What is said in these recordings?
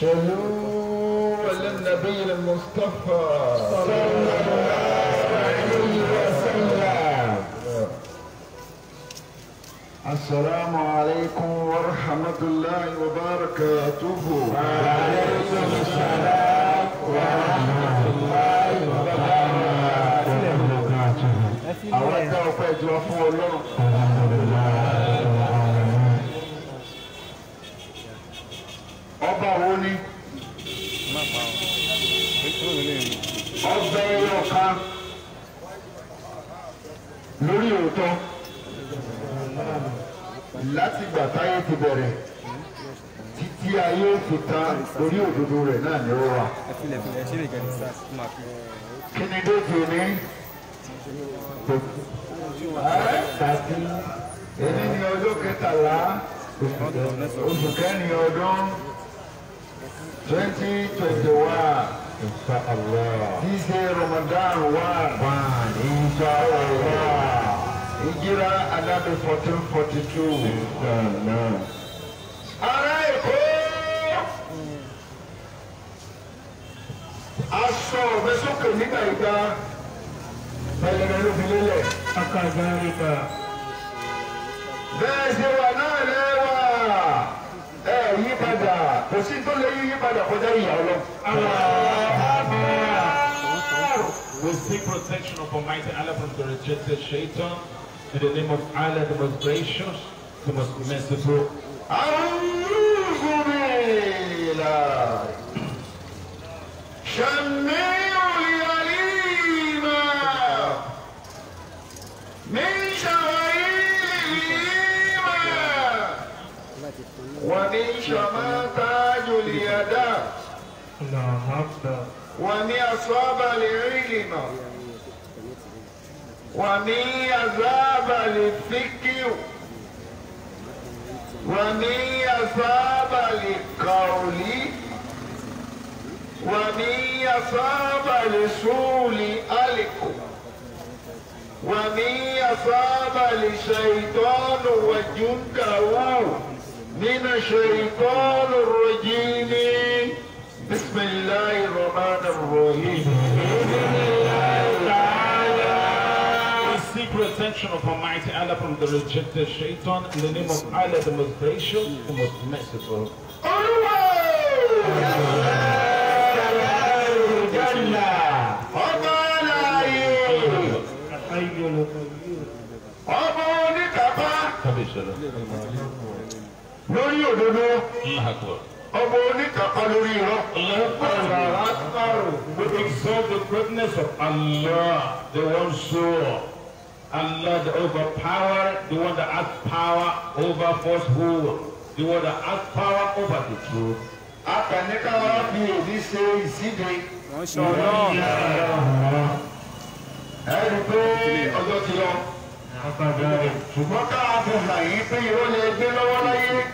صلوا على النبي المصطفى صلى الله عليه وسلم السلام عليكم ورحمة الله وبركاته وعليكم السلام ورحمة الله وبركاته أود أن أفيد وفو الله lórí òótọ́ láti gbà táyé ti bẹ̀rẹ̀ títí ayé fi ta orí òdodo rẹ̀ náà ní ó wà. kí ni dóòtù ní tàbí èyí ni ọjọ́ kẹtàlá oṣù kẹrin ọdún twenty twenty one. Insha Allah. This day Ramadan one. One. Insha Allah. Hijira Anabi 1442. Insha Allah. Ará Èkó. Aṣọ ògbésókè nígbà ìgbà. Pẹ̀lẹ́dẹ́ ló fi lélẹ̀. Akàgbà ìgbà. Bẹ́ẹ̀ ṣe wà náà lẹ́. We seek protection of Almighty Allah from the rejected Shaitan in the name of Allah the most gracious, the most merciful. Alhamdulillah. Shamil. ومن تاج اليدا ومن أصاب العلم ومن يذاب للفكر ومن يصاب للقول ومن يصاب لسول ألك ومن يصاب لشيطان وجنكه من الشيطان الرجيم بسم الله الرحمن الرحيم Seek protection of Almighty Allah from the rejected Shaitan in the name of Allah, the most gracious, the most merciful. أبو lórí òdodo ọmọ oníkàkọ lórí irọ́. We exalt the greatness of Allah, the one sure. Allah the overpower, the one that has power over falsehood, the one that has power over the truth. Akànníkà wa fi èdè ṣe ìsíde. Wọ́n ṣe ọ̀rọ̀ náà. Ẹni pé ọjọ́ ti lọ. Ṣùgbọ́n káà fi hàn yín pé irọ́ lè gbé lọ́wọ́ láyé.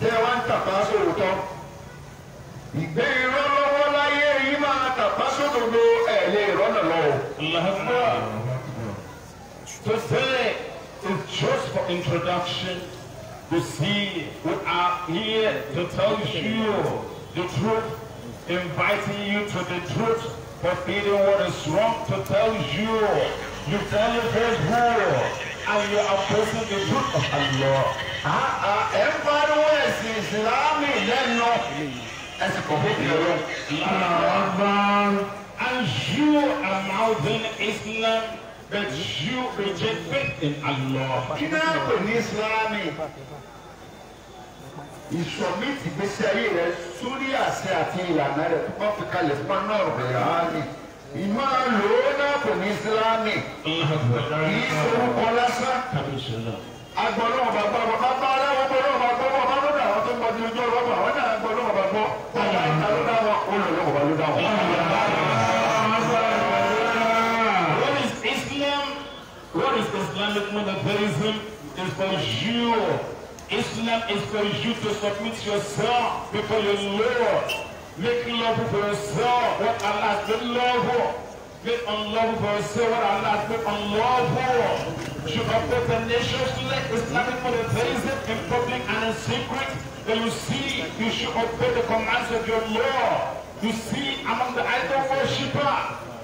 tẹ́ wá To say it's just for introduction to see we are here to tell you the truth, inviting you to the truth, forbidding what is wrong to tell you. You tell your friends and you are praising the good of Allah. ẹ ń pariwo ẹ̀sìn ìsìlámì lẹ́nu ẹ̀sìn kò bó ti rọ. And you are mouthing Islam but you reject faith in Allah. Kí náà pè ní Ìsìlámì? Ìsọ̀mí ti gbèsè ayé rẹ̀ sórí àṣẹ àti ìlànà rẹ̀ tó bá fi kalẹ̀ fún ọ náà rẹ̀ á ìmáa lò ó náà kò ní sílámì kì í forúkọ lásán agbọ̀nà ọba gbọ́ ọba bá bá aláwọ̀ gbọ́dọ̀ ọba gbọ́ ọba bá lọ́dọ̀ àwọn tó ń gbọ́dọ̀ ojú ọ̀rọ̀ ọba àwọn náà gbọ́dọ̀ ọba gbọ́ ọba ìta ló dá wọn olùlọ́ ọba ló dá wọn. What is Islam? What is Islamic monotheism? Is for you. Islam is for you to submit yourself before your Lord. Make love for yourself what Allah has made love for. Make unlove for yourself what Allah has made unlove for. You update the nations to let Islamic monotheism in public and in secret. Then you see, you should obey the commands of your law. You see, among the idol worshiper,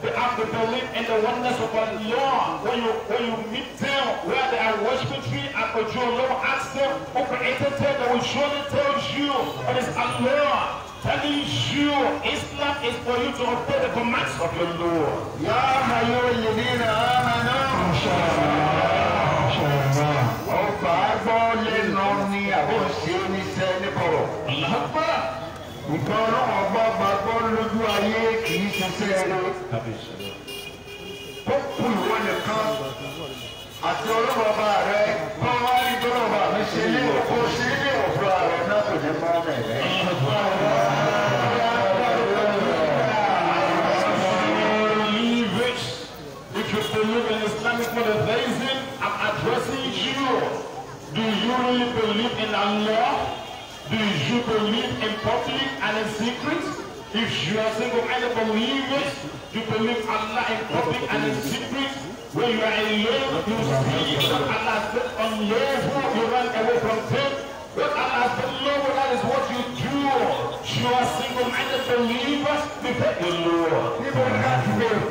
they have to believe in the oneness of Allah. When you, when you meet them, where they are worshiping tree and control, ask them, open created them, they will surely tell you, it is Allah. telling you Islam is for you to obey the commands of your Lord. يا أيها الذين آمنوا ọgbà gbọ́ lé lọ ní àbòsí oníṣẹ́ níbọ̀rọ̀. nǹkan ọlọ́wọ́ bá gbàgbọ́ lójú ayé kì í ṣiṣẹ́ ẹni. ó kù ìwọ nìkan àti ọlọ́wọ́ bá rẹ kọ́ wá ní dọ́lọ́wọ́ àmì ṣe ilé òkú ṣe ilé òfurufú rẹ náà kò ní máa mẹ̀rẹ́. law, do you believe in public and in secret? If you are single minded believers, you believe Allah in public and in secret. When you are alone, you speak what Allah said unlawful, you run away from him. What Allah said lawful, that is what you do. You are single minded believers, defend the Lord. We will not debate.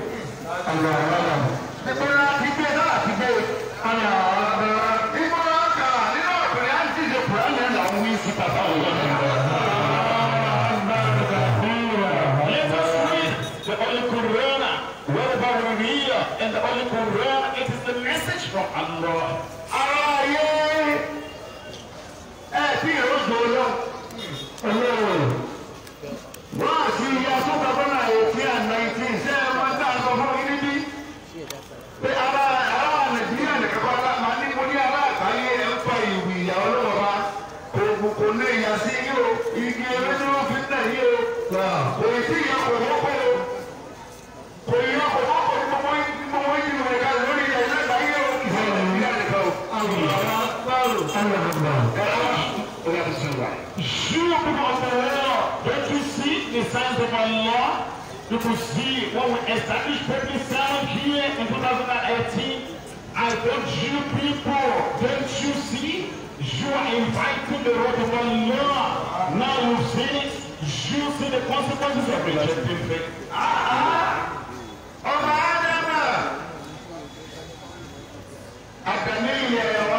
Allah, Allah. People will not debate, not debate. Allah, Allah. People will not debate. Let us read the Holy Quran, in the Holy Quran, it is the message from Allah. Allah, eh, yeah. Hey, Peter, what's going on? Hello. You people don't you see the signs of Allah? You see when we established Pepe Sound here in 2018. I want you people, don't you see? You are inviting the word of Allah. Now you see, you see the consequences of rejecting faith. Ah, ah, oh, Adam. Adam,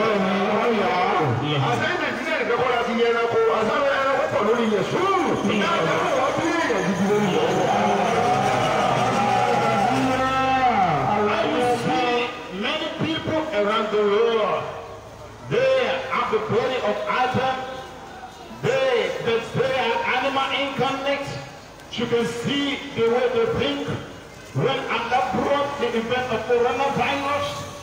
Many people around the world, they have the body of Adam, they, they, animal incarnate. You can see the way they think. When Allah brought the event of coronavirus,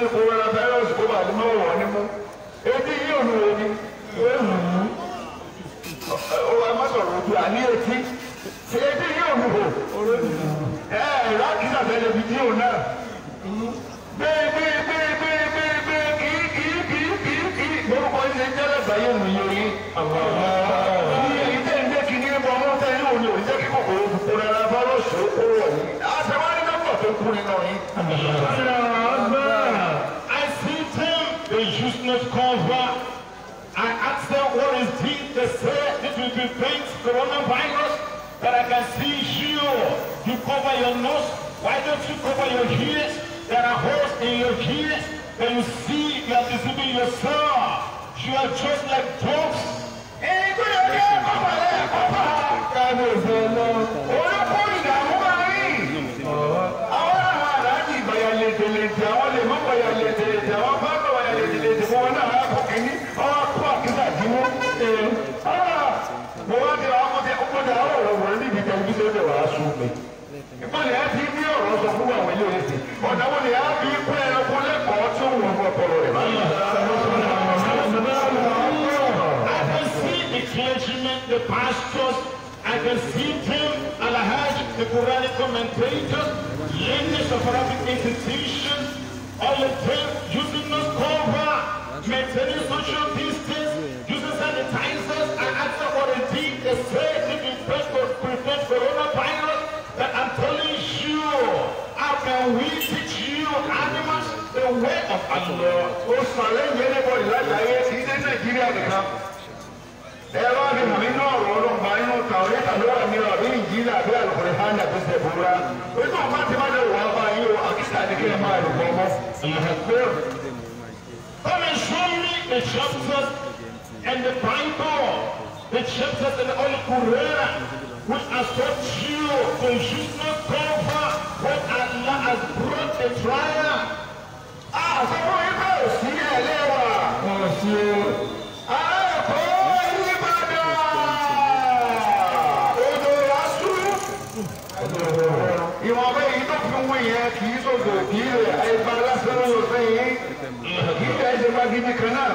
ti kó wẹ́rẹ́ fẹ́rẹ́sì kó bàtí mọ́ wọ̀ ní mú etí yìí ò ní ni ó wà má sọ̀rọ̀ ojú àní etí ṣe etí yìí ò ní wo ẹ ẹ̀rọ àkísà fẹ́ lè fi díò náà bẹ́ẹ̀ bẹ́ẹ̀ bẹ́ẹ̀ bẹ́ẹ̀ bẹ́ẹ̀ bẹ́ẹ̀ kì í kì í kì í kì í kì í gbogbo ṣe ń jẹ́lẹ̀ báyé nù yín orí. ní ìdí ìdí kìíní bọ́ ọmọ tẹ́ yóò ní òní jẹ́ kí kòkòrò kúkú rẹ̀ rẹ̀ bá lọ́sọ̀ọ́ kó wọ̀ yín. àtẹwárí nọ́mbà tó kú nínú yín. prevent coronavirus that I can see you. You cover your nose. Why don't you cover your ears? There are holes in your ears and you see you are deceiving yourself. You are just like dogs. Hey, good idea, Papa. Papa. God is the Lord. pastors. I can see them, Al-Hajj, the Quranic commentators, leaders of Arabic institutions, all of them using nose cover, maintaining social distance, using sanitizers, and after quarantine, they say they can prevent coronavirus. But I'm telling you, how can we teach you animals the way of Allah? Oh, sorry, anybody like that, he's in Nigeria, they have. They are all in àlọ́wọ́ ni àbí ìjìnlẹ̀ àbí àlùkòrè hàn ní àbẹ̀sẹ̀ ìbúra ojú ọ̀pá ti o àkísà ni kí ẹ máa lò wọ́n mọ́ ìhàgbé. Only surely it shows us in the Bible, it shows us in the Holy Quran, which has taught you to use not cover what Allah has gòkìrè àyíká lásán ló fẹ́ yín kíkà ẹsẹ̀ máa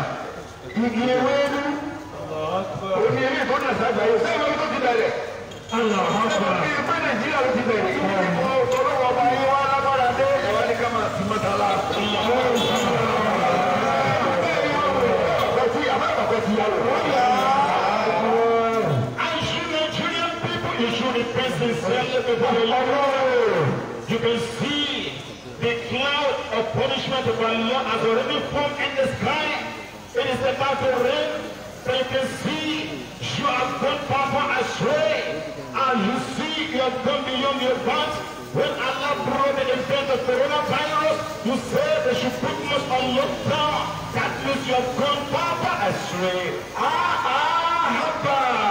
You can see punishment of Allah has already formed in the sky. It is about to rain. So you can see you have gone far astray. And you see you have gone beyond your bounds. When Allah brought the event of coronavirus, you said that you put us on lockdown. That means you have gone far astray. Ah, ah, haba.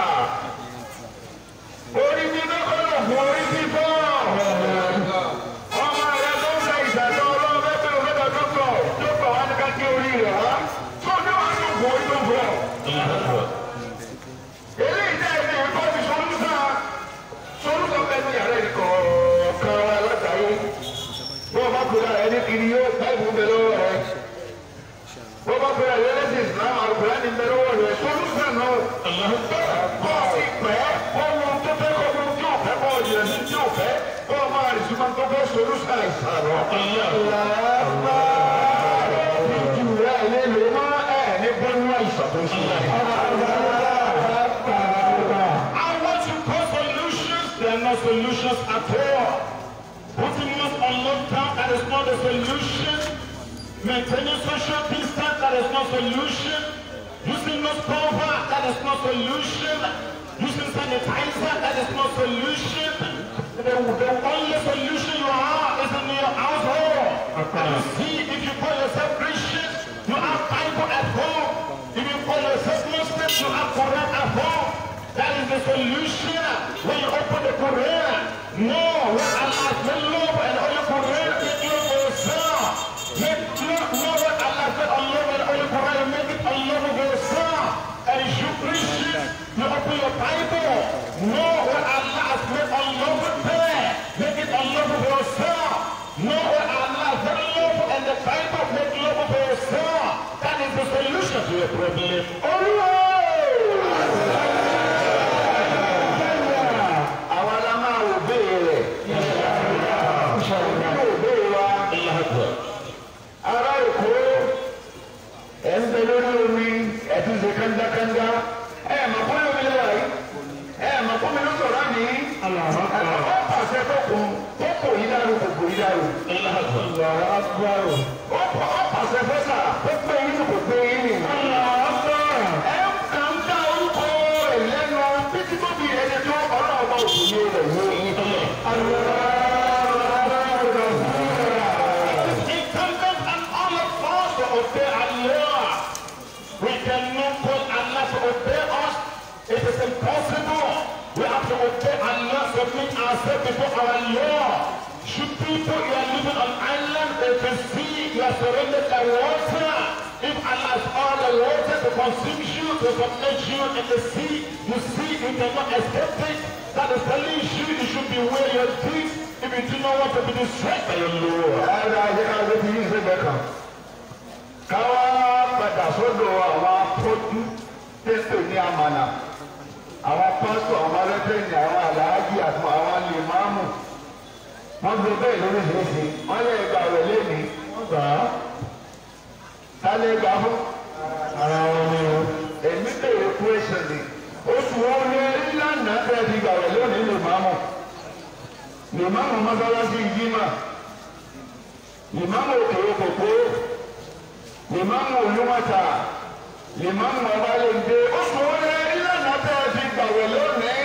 solutions at all. Putting on lockdown, that is not a solution. Maintaining social distance, that is not a solution. Using nose cover, that is not a solution. Using sanitizer, that is not a solution. The, the only solution you have your And you see, if you call yourself Christian, you have Bible at home. If you call yourself Muslim, you have Quran at home. That is the solution when you open the Quran. No, when Allah said love and all your Quran, take love for yourself. Take love, no, when Allah said Allah and all your Quran, make it Allah for yourself. And if you Christian, you open your Bible. No, when Allah said Allah, kind of make global players That is the solution to your problem. Olúwa! Àwa la máa wò bẹ́ẹ̀ rẹ̀. Ìṣàlùmí wò bẹ́ẹ̀ wa. Ará Èkó, ẹ̀ ń bẹ lórí omi, ẹ̀ ti ṣe kándákándá. Ẹ mà kọ́ lómi lọ́wọ́ yìí. Ẹ mà kọ́ mi ló sọ̀rọ̀ àmì. Àlọ́ àpàṣẹ tó kù, tó kù yí dárò, kò kù yí dárò. Allahu Akbar. living are before our law. Should people you are living on island or the sea, you are surrounded by water. If Allah has all the water to consume you, to submerge you in the sea, you see you cannot escape it. That is telling you you should beware your deeds if you do not want to be destroyed by your Lord. Ẹ̀rọ ayé àwọn ibi yìí ṣe bẹ̀ kàn. Káwá àwọn afọ́jú tẹ́tò ní àwọn àlá àtàkùn àwọn lè máa mú wọ́n gbé bẹ́ẹ̀ lóríṣiríṣi wọ́n lè gba ọ̀rọ̀ lẹ́ni wọ́n gbà á sálẹ̀ gbà fún ara wọn ni o èmi bèrè kúrẹ́sì ni oṣù wo lé lánàá tẹ́ fi gbà ọ̀rọ̀ lónìí lè máa mú lè máa mú mọ́sálásí yìí mà lè máa mú òkèrè kòkó lè máa mú olúmọ̀ta lè máa mú ọba lè dé oṣù wo lé lánàá tẹ́ fi gbà ọ̀rọ̀ lónìí.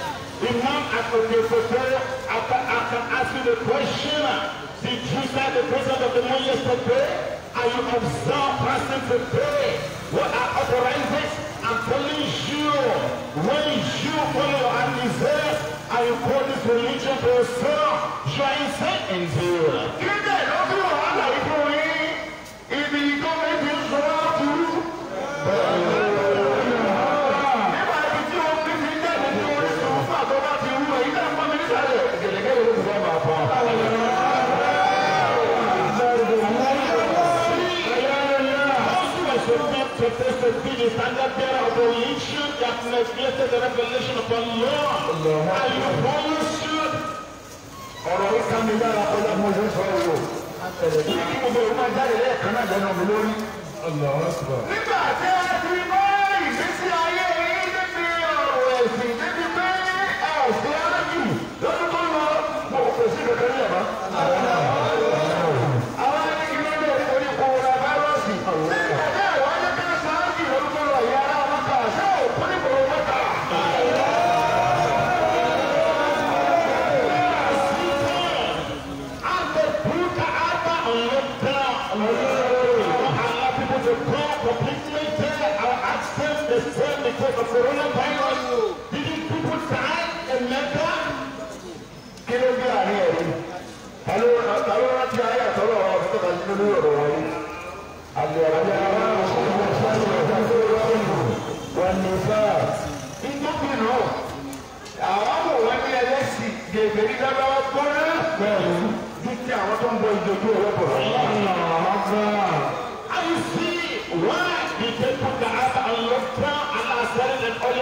The one at the presenter after asking the question, did you start the presence of the Lord yesterday? Are you observed to today? What are authorizes? I'm telling you, when you follow and desire, and you call this religion for yourself, you are insane, in zero. cities and that their operation that neglected the revelation of Allah. And you promise you. ọ̀rọ̀ yìí kan mi dára kọjá mo ṣe sọ yìí o. ìdí mo bẹ̀rù máa jáde lẹ́ẹ̀kan náà jẹ́ náà mi lórí. nígbà tí a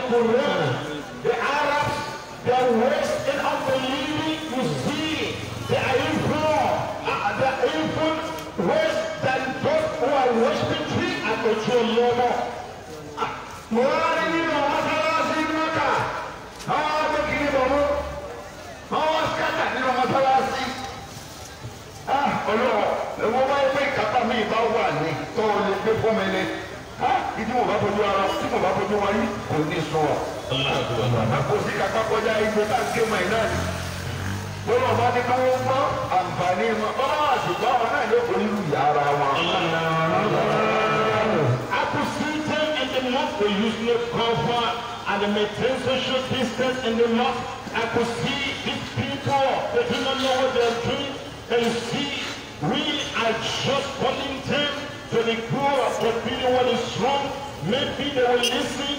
por Ramos. àkóso kàkà kọjá igbó tá a ké mọ̀ iná I could see these people, they do not they see, we are just calling to the group of what really what is wrong. Maybe they will listen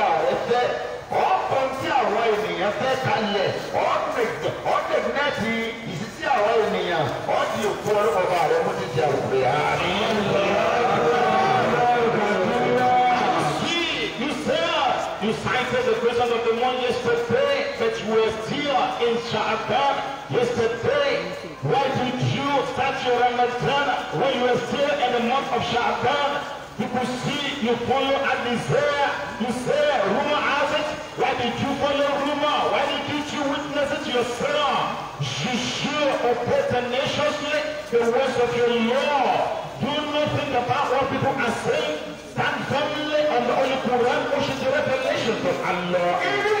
fẹ́ kalẹ̀ ọ̀dẹ̀gbẹ́sì ìsísí àwọn ènìyàn ọ̀dì òkú ọlọ́mọba rẹ mú títí àwùjọ àmì. You cited the presence of the moon yesterday, but you were still in Sha'aban yesterday. Why did you start your Ramadan when you were still in the month of Sha'aban? People see, you follow your this hair, you say, rumor has it. Why did you follow rumor? Why did you witness it yourself? You share or pertinaciously the words of your law. Do nothing about what people are saying. Stand firmly on the Holy Quran, which is the revelation from Allah.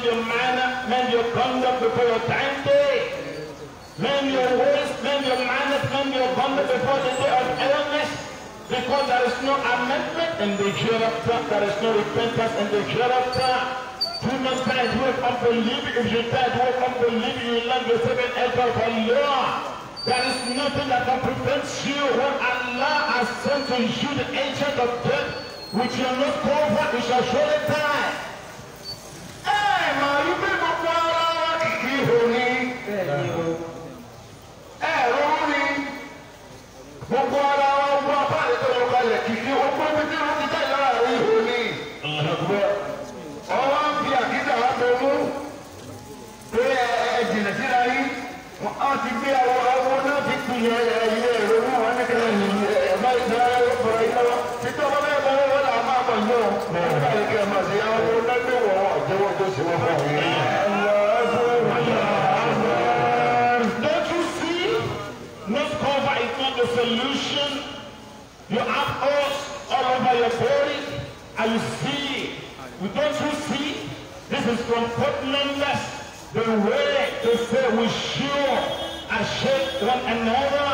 mend your manner, mend your conduct before your time day. Mend your voice, mend your manners, mend your conduct before the day of illness. Because there is no amendment in the hereafter, there is no repentance in the hereafter. Do not die to an unbeliever. If you die to an unbeliever, you the not seven elders of Allah. There is nothing that can prevent you when Allah has sent to you the agent of death, which you are not covered, you shall surely die. ẹ ẹ lọ́wọ́ gbogbo ara. And you see. With those who see, this is from Portland West. The way to say we sure and shake one another.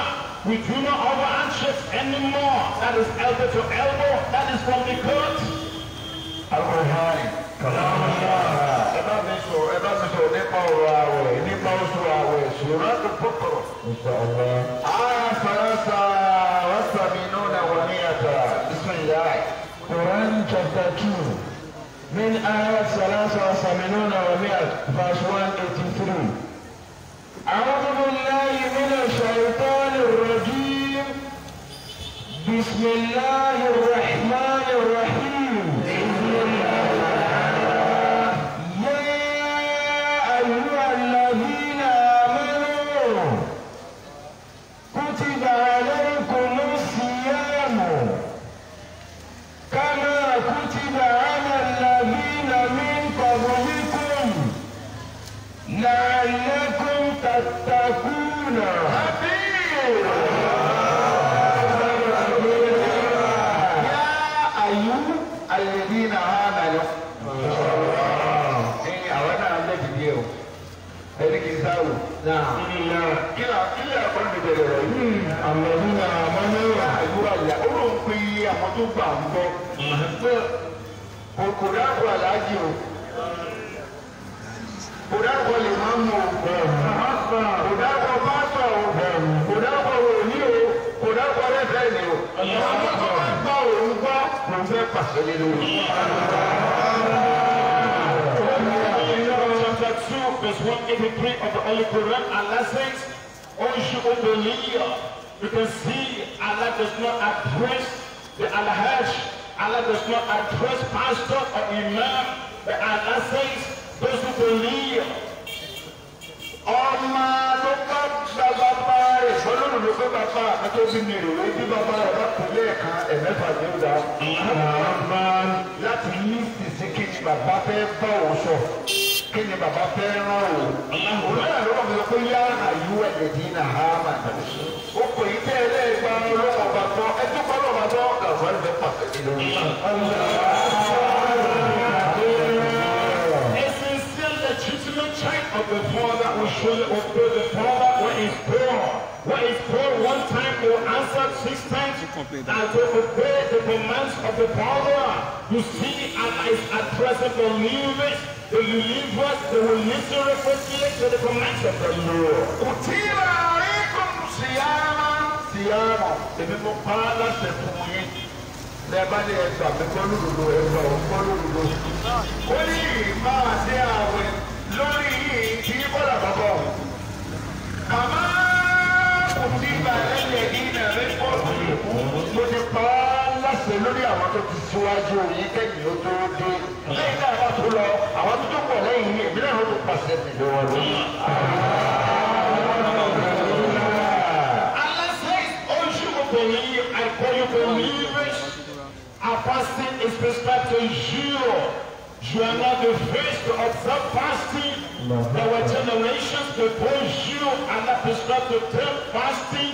We do not over answers anymore. That is elbow to elbow. That is from the court. Al-Qur'an. Kalam Allah. Eba nisho, eba nisho, nipa urawe, nipa surat al-Baqarah. Inshallah. sarasa. chapter 2, salasa wa 83 wa 100 verse 183. أعوذ بالله من الشيطان الرجيم بسم الله الرحمن àwọn nínú àwọn náírà àdúrà ìyá ó pe iye àwọn tó gbà ń bọ pé kò dáàbò aláàjì o kò dáàbò lè má mú o kò dáàbò pásọ o kò dáàbò òní o kò dáàbò rẹ́fẹ́ ni o àwọn tó bá gbọ́ òun gbọ́ kò fẹ́ pàṣẹ lé lórí. Verse 183 of the Holy Quran, Allah says, O you, O believer, You can see Allah does not address the Al-Hajj. Allah does not address pastor or imam. But Allah says, those who believe. Ọmọ ló bá gba bàbá rẹ̀ fọlọ́run ló gbé bàbá àti kí ni bàbá fẹ́ rán o. òun ló wọ́n fi yá àyú ẹ̀dẹ̀dì nà á mà dàbí. o kò yí tẹ́ ẹ lẹ́yìn gba bá tọ́ ẹ tó lọ́wọ́ bá tọ́ kàwé ẹ̀ pàṣẹ ìlú. Of the father who should obey the father, what is poor, what is poor one time will answer six times complaint. And to obey the commands of the father, you see Allah is present the believers, the believers, the will need to the commands of the Lord. Kutiba alaykum siyama. Siyama, èmi mo pa á láti fún yín. Lẹ́ẹ̀bá ni ẹ̀sọ́ àbíkọ́ tó ti síwájú yìí kẹ́yìn ó tó dé lẹ́yìn náà wọ́n tó lọ àwọn tó tó pọ̀ lẹ́yìn èmi náà ló tó pàṣẹ tẹ̀lé wọn lọ. call you believers. Our fasting is prescribed to you. You are not the first to observe fasting. No. There were generations before you and that prescribed to them fasting.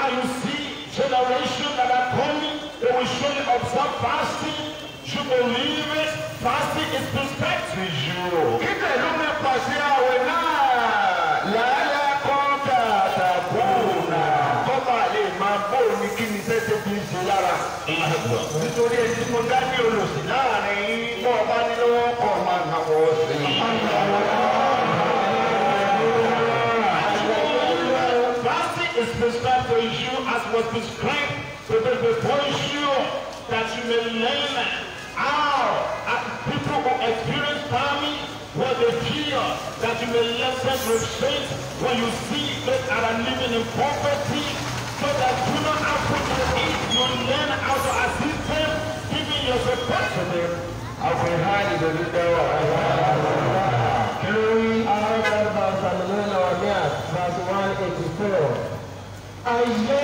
Are you see generation that are coming, they will surely observe fasting. You believe it? Fasting is prescribed to you. Kíkẹ́ you. ní pàṣẹ àwẹ̀ náà. Láyà kọ́ńtà tàbí òòlà. Kọ́mà lè máa bó ní kí ni sẹ́sẹ́ fi ń ṣe lára. Nítorí ẹni tí mo dá ní olùsìn láàrin, bọ́ọ̀ bá ní lọ́wọ́ kọ̀ máa nà wọ́ọ̀sì. be strength to be before you, that you may learn how, as people who experience famine, what they feel, that you may lessen restraint when you see that are living in poverty, so that you not have to eat, you learn how to assist them, giving your support to them. Our behind is a leader of Carry out that verse and learn our verse 184.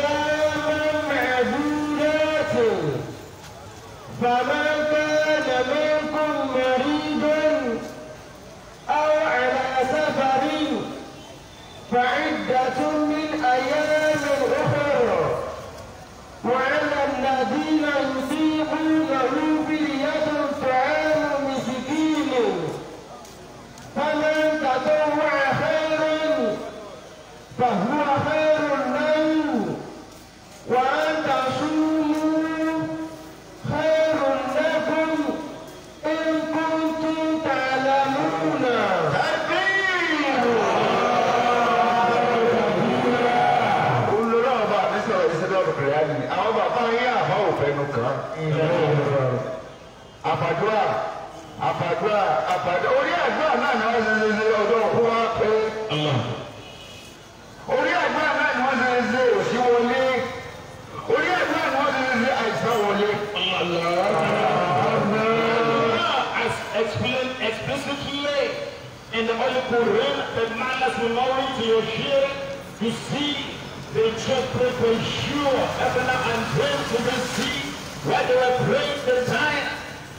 for sure, Ebana and praying to receive, where they were praying the time,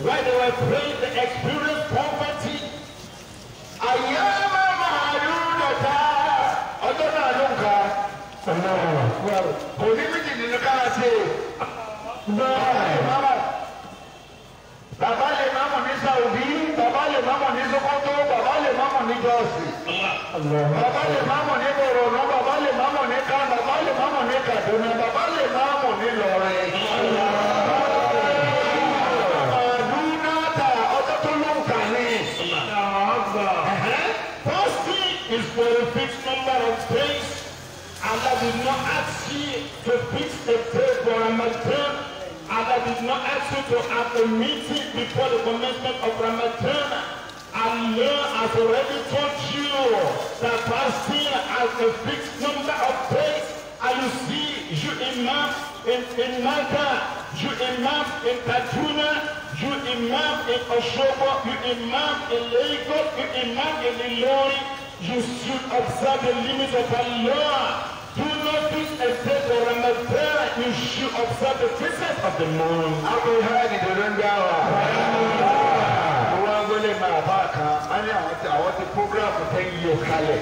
where they were praying the experience poverty. Ayama Mahayudata, Adona Anuka, well, community in the Kanate, Baba, Baba le mama ni Saudi, Baba le mama ni Sokoto, Baba mama ni Allah, Allah. le mama ni Borono, lè má for a fixed number of days Allah did not ask you to fix a day for Ramadan. Allah did not ask you to have a meeting before the commencement of Ramadan. Allah has already told you that fasting has a fixed number of days alusi ju imam in in Malta ju imam in Kaduna ju imam in Osogbo ju imam in Lagos ju imam in Ilorin you should observe the limits of law. Do not fix a day for Ramadan. You should observe the presence of the moon. Àwọn ìhà ìdòdó ń dá wa. Mo wá ń wọlé máa bá a kan, a ní àwọn ti program ten years kalẹ̀.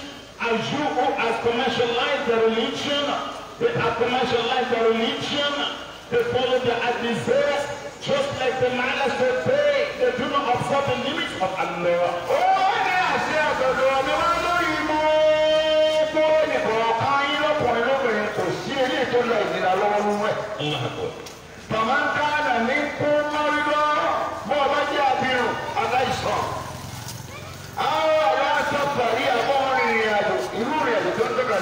as you who oh, have commercialized the religion, they have commercialized the religion, they follow the desires, just like the manners they pay, they do not observe the limits of Allah. ó ní àṣẹ àtọ̀dọ̀ ni wọ́n lórí mọ́ tó nìkan kan yín lọ́kùnrin lóbìnrin kò sí eléyìí tó lọ ìnira lọ́wọ́ nínú ẹ̀. bàbá ń ká àdà ní kó mọ́rí lọ́wọ́ bọ́ọ̀ bá jẹ́ àbírùn aláìsàn. àwọn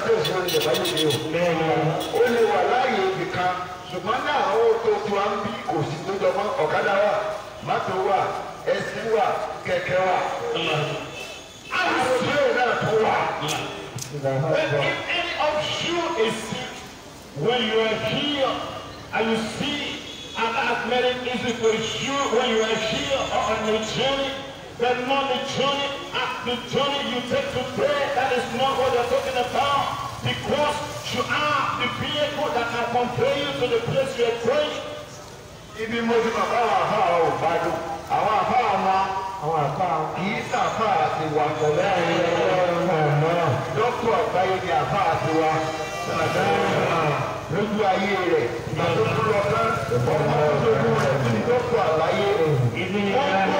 tí òfin wọn ìjọba yìí dé o. ó lè wà láàyè ibì kan ṣùgbọ́n náà ó tó tó à ń bí kò tó jọmọ́ ọ̀kadà wà mọ́tò wà ẹsìn wà kẹ̀kẹ́ wà. àlùfẹ́ náà tó wà. if any of you is sick when you are here and you see an American is it for you when you are here or on your journey. The money journey, the journey you take to pray, that is not what you're talking about. Because you are the vehicle that can convey you to the place you are praying. Ibi mo ti mọ̀ káwọn àfáà ò Àwọn àfáà máa àwọn àfáà kìí sàfáà àti wà pẹ̀lú àwọn ẹ̀rọ àgbáyé ni àfáà àti wà. Lójú ayé rẹ̀, ìgbà tó kú lọ ọmọ tó kú rẹ̀, dókítà àgbáyé, ìdí ni ẹ̀rọ náà.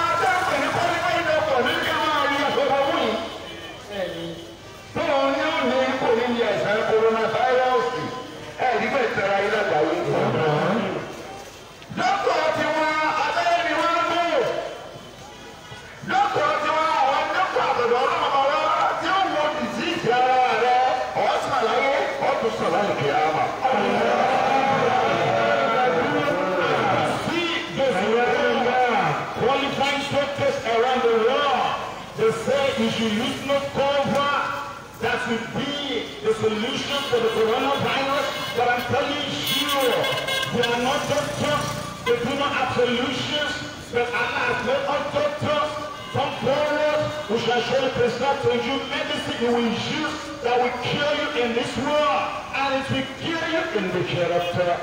bu şerefte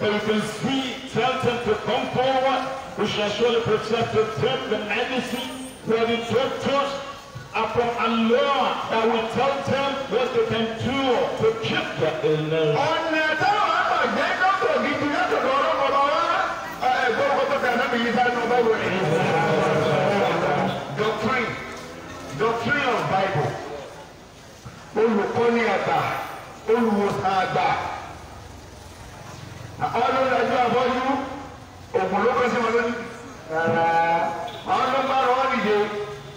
we tell them to come forward, we shall surely protect the threat, the medicine, for the doctors, are from law that will tell them what they can do to keep the illness. ọ̀nà táwọn àgbàjẹ́ dọ́kítọ̀ gidi látọ̀dọ̀ ọlọ́mọba wa ẹ̀gbọ́n kọ́tọ́ kan náà yìí sáré náà báwo ni. doctrine doctrine of Bible olùkọ́ni àgbà olùwòsàn àgbà àwọn olùdájọ́ àbọ́jú ògùn ló kọ́ sí wọn lónìí rárá àwọn ọlọ́pàá wọn nìyẹ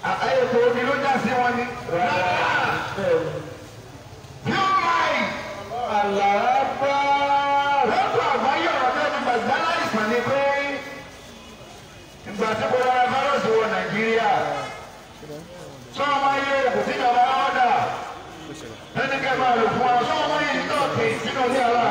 àkàyèkó omi ló já sí wọn ni rárá yóò máa yìí àlàáfà lọ́pọ̀ àgbáyé ọ̀rọ̀ náà nígbà gbára ìsàn ni pé ìgbà tí kò rárá fárọ̀sì wọ Nàìjíríà tí wọ́n máa yẹ òkú tí ìjọba ọ̀dà ẹnikẹ́ máa lò fún wa tí wọ́n mú yìí náà tì sínú ilé ara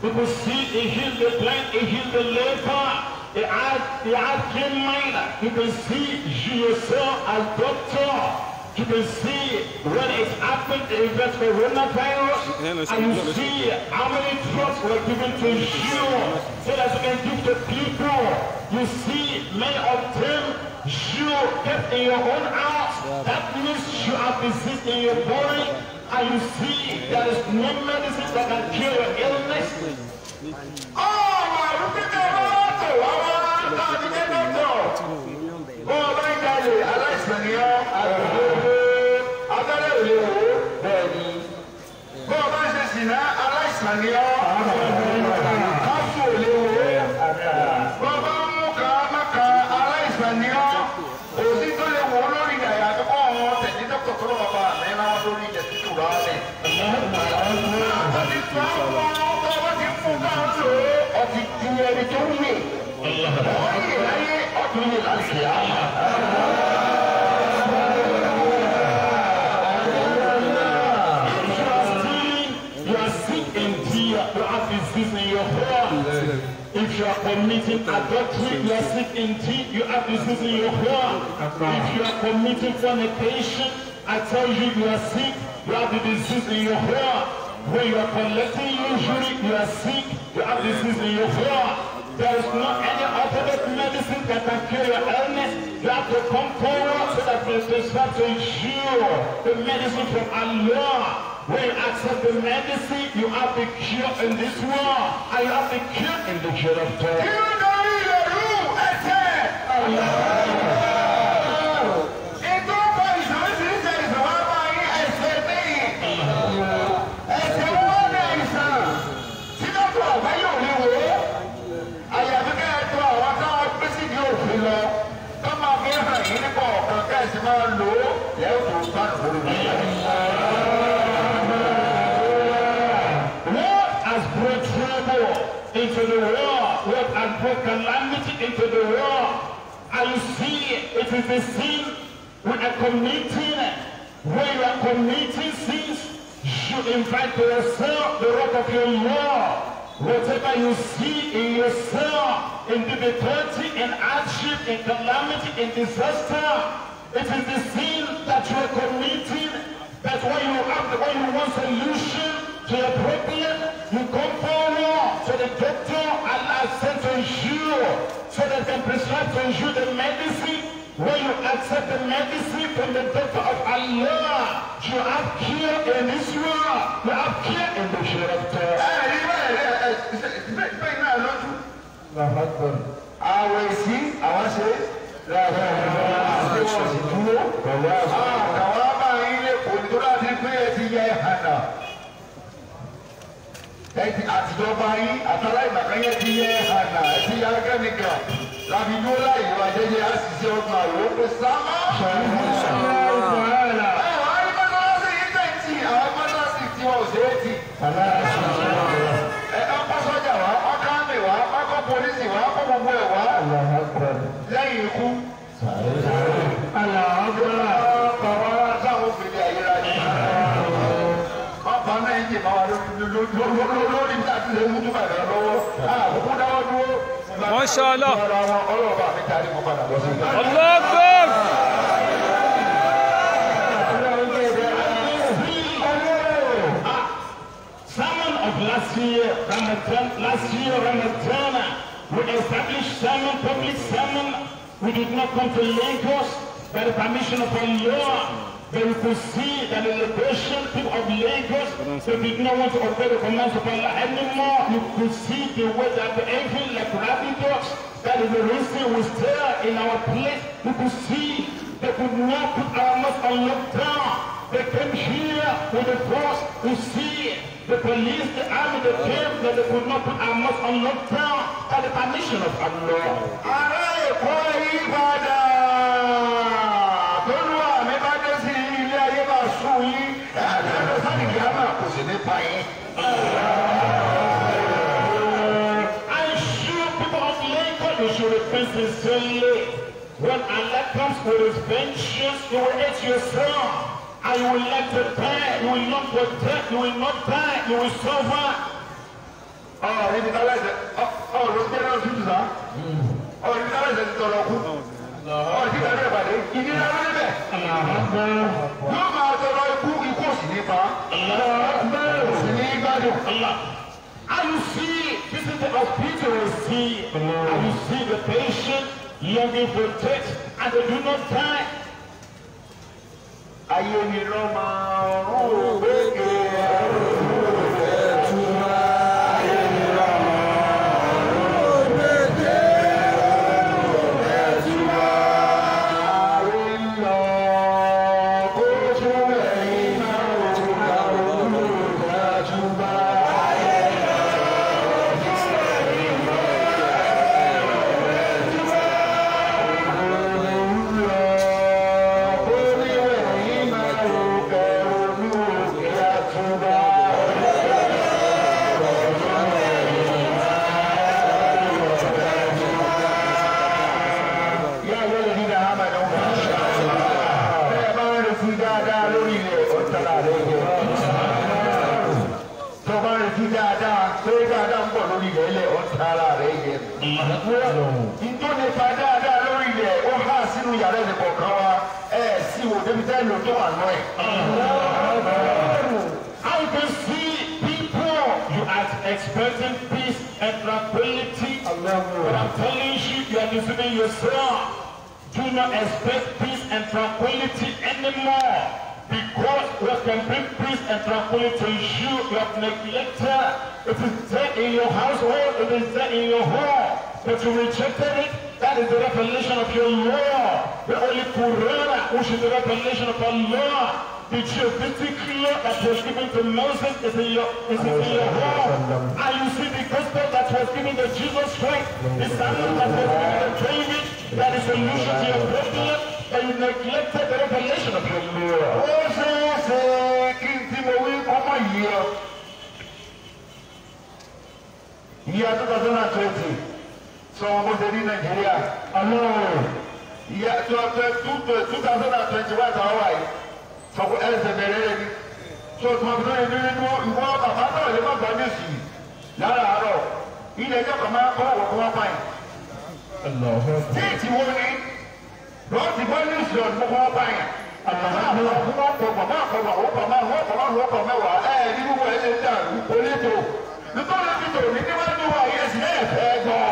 he the the يشيل he يشيل he has يقعد يمينا you can see yourself as doctor You can see what is happened in this coronavirus, and you see how many drugs were given to you, so that you can give to people. You see many of them you kept in your own house. That means you have disease in your body and you see there is no medicine that can cure your illness. Oh, my, look at that it. I want to get that dog. Oh, my God, I like Spania. I love it. I love it. Bẹ́ẹ̀ni. Bọ́ọ̀ bá ṣe sì If you are committing adultery, you are sick indeed, you have disease in your heart. If you are committing fornication, I tell you, you are sick, you have the disease in your heart. When you are collecting usury, you are sick, you have disease in your heart. There is not any orthodox medicine that can cure your illness. You have to come forward so that we prescribe to you the medicine from Allah. When you accept the medicine, you have the cure in this world, and you have the cure in the hereafter. You know, you know, Allah. into the world, have unbroken language into the world. And you see, it is the sin we are committing. When you are committing sins, you invite to yourself the wrath of your Lord. Whatever you see in yourself, in difficulty, in hardship, in calamity, in disaster, it is the sin that you are committing. That's why you have, when you want solution to your problem, you come so the doctor Allah sent to you so that can prescribe to you the medicine. When you accept the medicine from the doctor of Allah, you have cure in Israel, world, you have cure in the hereafter. Allahu Akbar. Àwẹ̀ sí àwọn ṣe. Láàbẹ̀ àwọn ṣe ẹtì àtijọba yín àtàláìmàkányẹ ti yẹ hànà ẹtì arákẹ́nìkà làbí dúró láì yọ àjẹjẹ àṣìṣe ọgbà òwò pé sámá. àwọn alimọ́tàlásì yìí tẹ̀ ti àwọn alimọ́tàlásì tí wọ́n ò ṣe é ti. ẹ ọkọ polisi wá ọkọ gbogbo ẹ wá lẹ́yìn ikú. lórí bí a ti lè mú túbà náà lọ́wọ́ dúró. Masha Allah. ọlọ́ọ̀bà mi last year, Ramadan, last year, Ramadan, we established sermon, public sermon. We did not come to Lagos by the permission of Allah. They could see that in the Christian people of Lagos, they did not want to obey the commands of Allah anymore. You could see the way that the angel like rabid dogs, that is the reason we stay in our place. You could see they could not put our mosque on lockdown. They came here with the force. to see the police, the army, the camp that they could not put our mosque on lockdown by the permission of Allah. to his vengeance, you will eat your throne. And you will let the die, you will not protect, you will not die, you will suffer. Ọ̀rọ̀ ibi tọ́lá ẹ̀sẹ̀ ọ̀rọ̀ ibi tọ́lá ẹ̀sẹ̀ sísá. Ọ̀rọ̀ ibi tọ́lá Oh, he did Ọ̀rọ̀ ibi tọ́lá ẹ̀bàdé. Ìdílé ara níbẹ̀. Yóò máa tọrọ ikú ikú òsì nípa. Òsì ní Allah. And you see, this is the hospital you see. Hmm. And you see the patient. Hear me protect and they do not die. Ayé mi lọ́ the standard of the word that is the illusion to your problem and you neglected the revelation of your Lord. Ó ṣe é ṣe kí n tí mo wí Year 2020, sọ wọn bó ṣe rí Nàìjíríà. Ọlọ́run. Year 2021 àwọn wáyé sọ pé ẹsẹ̀ bẹ̀rẹ̀ ni. Sọ tí mo fi lóye nínú ìwọ bàbá náà lè má gbà ní ìsìn lára àárọ̀ ilẹ̀ ẹjọ́ kan máa kọ́ wọ̀ kó wọ́n báyìí. stéètì wo ni lọ́ọ̀tì bọ́ọ̀lùsì lọ́ọ̀tì mo kọ́ wọ́n báyìí. àtàwọn àwọn ọkọ̀ ọkọ̀ máa kọ̀ wà ọkọ̀ máa ń máa ń mẹ́wàá ẹ̀ ẹ̀ nínú ẹ̀ ṣe dà olétò. nítorí ti tò ní níwájú wa yẹ sí ẹ̀ fẹ́ gbọ́.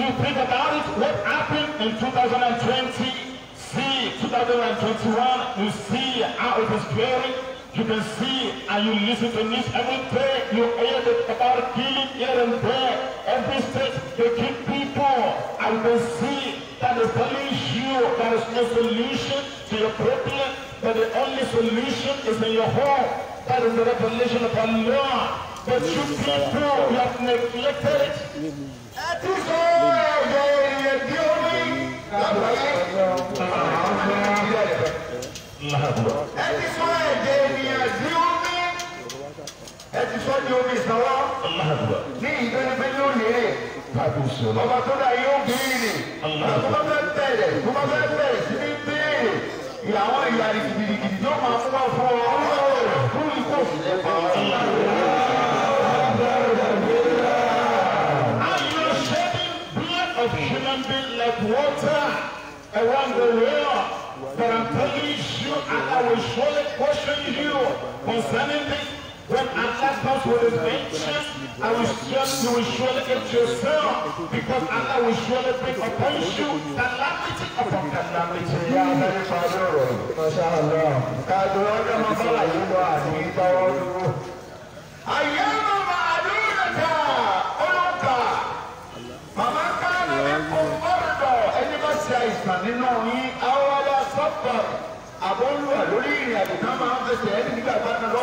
You think about it, what happened in 2020? see 2021, you see how it is growing. You can see and you listen to this every day. You hear the about killing here and there. Every state they keep people. And you can see that is only you. There is no solution to your problem. But the only solution is in your home. That is the revelation of Allah. But you people, you have neglected it. That is all you are doing. That is why they ẹ ti sọ di omi ìsanwó ní ìgbẹ́nipẹ́ yóò lérè ọba tó dà yóò béèrè tó bá fẹ́ bẹ̀rẹ̀ tó bá fẹ́ bẹ̀rẹ̀ sí ní béèrè ìyàwó ìyá gidigidi tó máa fún wa fún ọ fún ikú of human being like water around the world. But I'm telling you, I will surely question you concerning this When Allah's household is mentioned, I will surely, you will surely get your son, because Allah will surely bring upon you calamity upon calamity. Ìyá Abẹ́rẹ́ sọ lóòrò, Masha Allah, káàdì wọn ní ọmọ bọ́lá yìí lọ àti ìtọ́wọ́ dúró. Àyè màmá àdúrà ká olùkà, màmá ká lẹ́kọ̀ọ́ mọ́rọ̀dọ̀ ẹni bá ṣe àìsàn nínú yín, àwọn ọlọ́sọ̀kọ̀ àbọ̀lùwà lórí ìrìn àjò